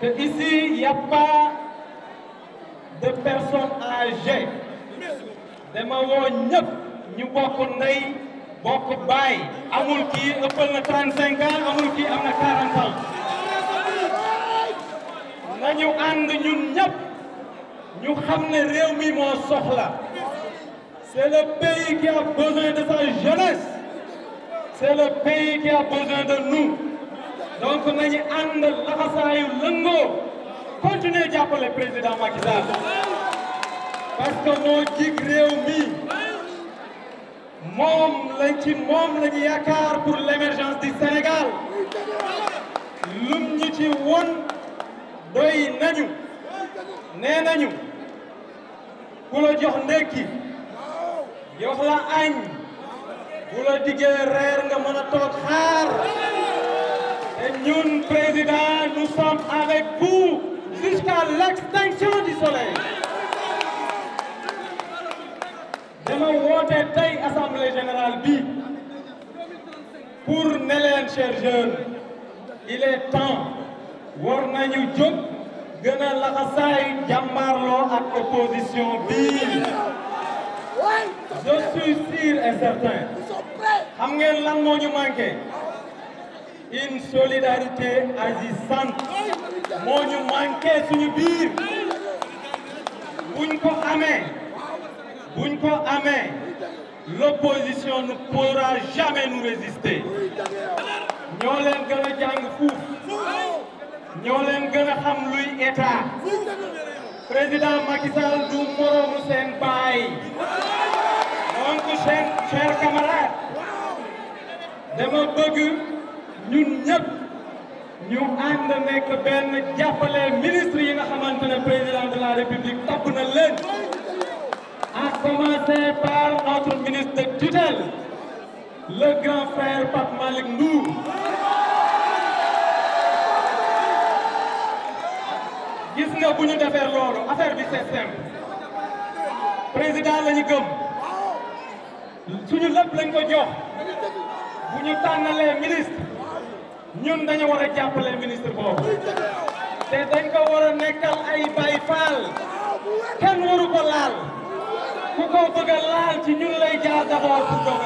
que ici, il n'y de personnes âgées. dama woo ñëpp ñu bokk ndey bokk baay amul kii ëppal na 35 ans amul kii am na 40 nañu ànd ñun ñëpp ñu xam ne réew mi moo soxla c'est le pays qui a besoin de sa jeunesse c'est le pays qui a besoin de nous donc nañu ànd laxasaayu lëngoo continuer jàppale président Macky Sall parce que moo jig réew mi moom lañ ci moom lañu yaakaar pour l'émergence du Sénégal lum ñu ci won doy nañu nee nañu ku la jox ndékki jox la añ ku la diggee reer nga mën a toog xaar ñun président nous sommes avec vous jusqu'à l'extinction du soleil dama woote tey assemblée générale bi pour ne leen chers il est temps war nañu jóg gën laxasaay jàmbaarloo ak opposition bi je suis sûr et certain xam ngeen lan moo ñu manqué une solidarité agissante moo ñu manqué suñu biir buñ ko amee buñ ko amee l'opposition ne pourra jamais nous résister ñoo leen gën a jàng fuuf ñoo leen gën a xam luy état président Macky du moromu seen baay donc chers chers camarades dama bëgg ñun ñëpp ñu ànd nekk benn jàppale ministre yi nga xamante ne président de la république tabb na leen à par notre ministre de tutelle le grand frère Pape Malick Ndour gis nga bu ñu defee loolu affaire bi c'est président la ñu gëm suñu lépp lañ ko jox bu ñu tànnalee ministre ñun dañu war a jàppale ministre boobu te dañ ko war a nekkal ay bay faal kenn waru ko laal ku ko bëgg laal ci ñun lay jaar d'abord pour ko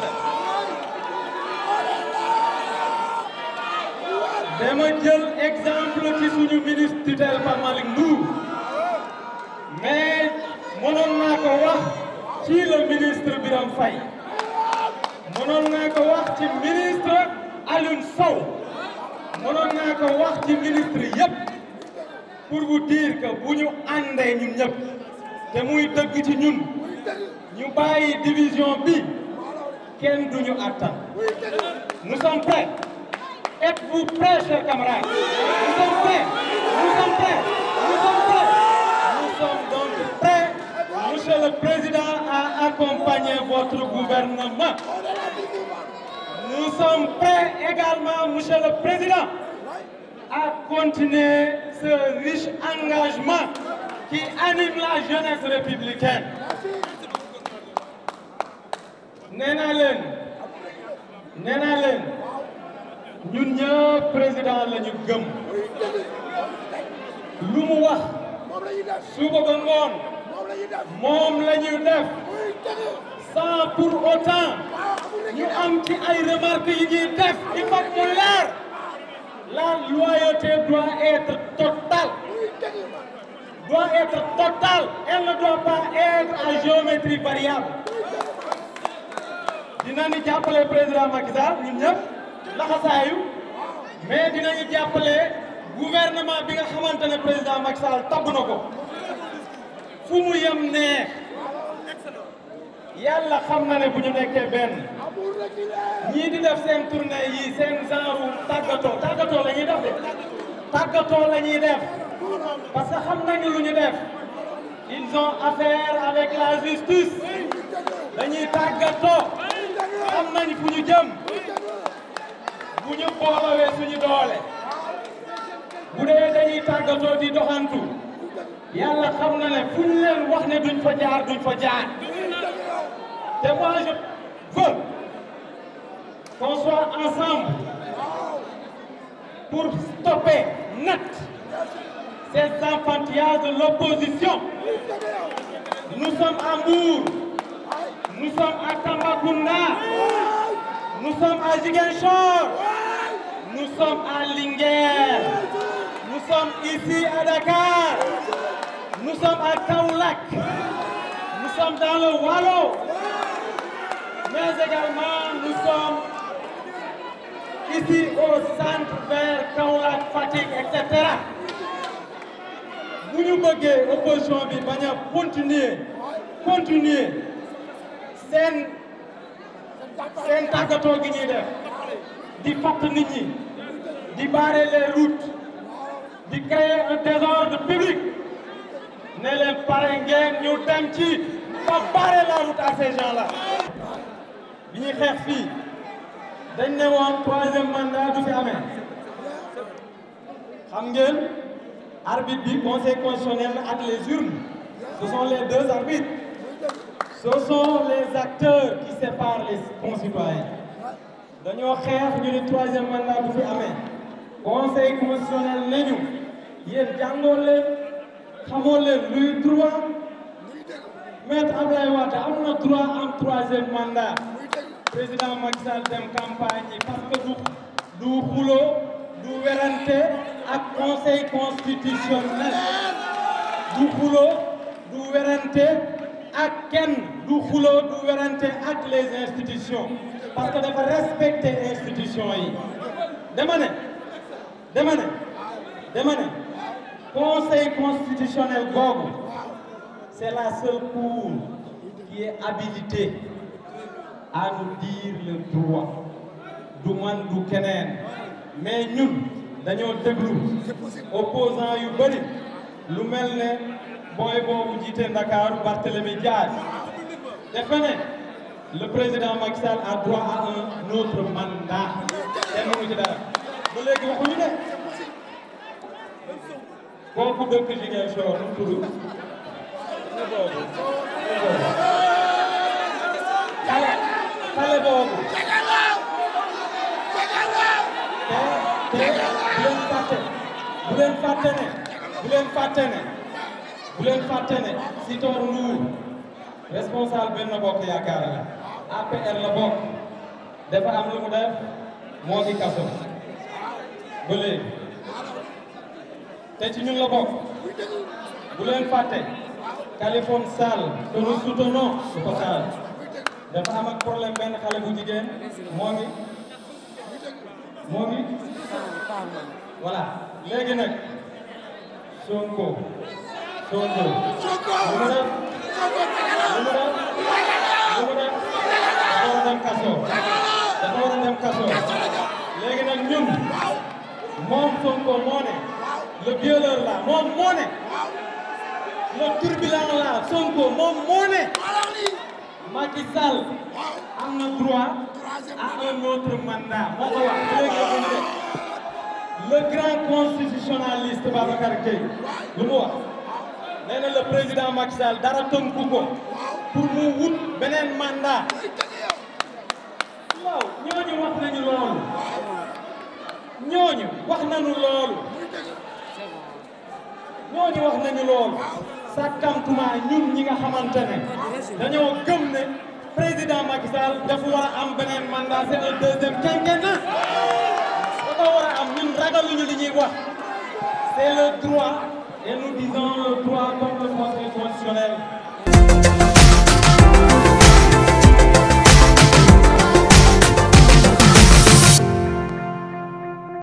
def dama jël exemple ci suñu ministre tutelle Pape Malick mais mënoon naa ko wax ci le ministre Birame Faye mënoon naa ko wax ci ministre Alioune Sow mënoon naa ko wax ci ministre pour vous dire que bu ñu àndee ñun ñëpp te muy dëgg ci ñun ñu bàyyi division bi kenn du ñu attan. nous sommes prêts êtes-vous prêts chers camarades nous sommes prêts nous sommes prêts nous sommes donc prêts monsieur le président à accompagner votre gouvernement. nous sommes prêts également, Président, à continuer ce riche engagement qui anime la jeunesse républicaine. nee naa leen nee naa président la ñu gëm lu mu wax moom la ñuy def sans pour autant. ñu am ci ay remarques yu ñuy def il faut mu leer la loyauté doit être totale doit être totale elle ne doit pas être à géométrie variable dinañu jàppale président Macky Sall ñun ñëpp laxasaayu mais dinañu jàppale gouvernement bi nga xamante président Macky Sall tabb na ko fu mu yem ne yàlla xam na ne bu ñu nekkee benn ñii di def seen tournée yi seen genre tàggatoo tàggatoo la def de tàggatoo def parce xam nañu lu ñu def ils ont affaire avec la justice dañuy tàggatoo xam nañ fu ñu jëm bu ñu boolowee suñu doole bu dee dañuy tàggatoo di doxantu yàlla xam na ne fu leen wax ne duñ fa duñ fa jaar te moi je veux qu'on soit ensemble pour stopper net ces enfantillages de l'opposition. Nous sommes à Mbour, nous sommes à Tambacounda, nous sommes à Ziguinchor, nous sommes à Linguère, nous sommes ici à Dakar, nous sommes à Kaolack, nous sommes dans le Wallo, mais également nous sommes ici au centre vers Kaolack Fatick et cetera bu ñu bëggee opposition bi bañ a continuer continuer seen seen tàggatoo gi ñuy def di fatt nit ñi di barrer les routes di créer un désordre public ne leen pare ngeen ñu dem ci ba barrer la route à ces gens là bi ñuy fii. dañ ne woon troisième mandat du fi amee xam ngeen arbitre bi conseil constitutionnel ak les urnes ce sont les deux arbitres ce sont les acteurs qui séparent les concitoyens dañoo xeex ni troisième mandat du fi amee conseil constitutionnel ne ñu yéen jàngoon leen xamoon leen luy droit maître Abdoulaye am na droit am troisième mandat président Macky Sall dem campagne yi parce que du du du werante ak conseil constitutionnel du xuloo du werante ak kenn du xuloo du werante ak les institutions parce que dafa respecter institutions yi dama ne conseil constitutionnel googu c'est la seule qui est habilitée à nous dire le droit du man du keneen mais ñun dañoo déglu opposant yu bëri lu mel ne booy boobu jiite Ndakaaru Barthélémy Dias dafa le président Macky Sall à un autre mandat te mënu ci dara ba léegi waxuñu ne kooku dëkk Ziguinchor nu mu tudd xale boobu te te bu leen fàtte bu leen fàtte ne bu am lu def moo ngi kaso ba te ci ñun la bokk bu leen fàtte Khaliphone Sall que nous dafa am ak problème benn xale bu jigéen moo ngi moo ngi voilà léegi nag Sonko Sonko lu mu def lu mu def lu mu def dafa war a dem kaso dafa war a dem kaso léegi nag ñun moom Sonko moo ne le violeur la moom moo ne le turbulent la Sonko moom moo ne Macky am na droit à un autre mandat moo ko wax léegi le grand constitutionnaliste Babacar Gueye lu mu wax nee na le président Macky Sall dara tënku ko pour mu wut beneen mandat waaw ñooñu wax nañu loolu ñooñu wax wax nañu loolu sàkkamtuma ñun ñi nga xamante ne dañoo gëm ne président Macky dafa war a am beneen mandat c'est un deuxième quinquennat war a am ñun ragaluñu li ñuy wax c'est le droit et nous disons droit comme le conseil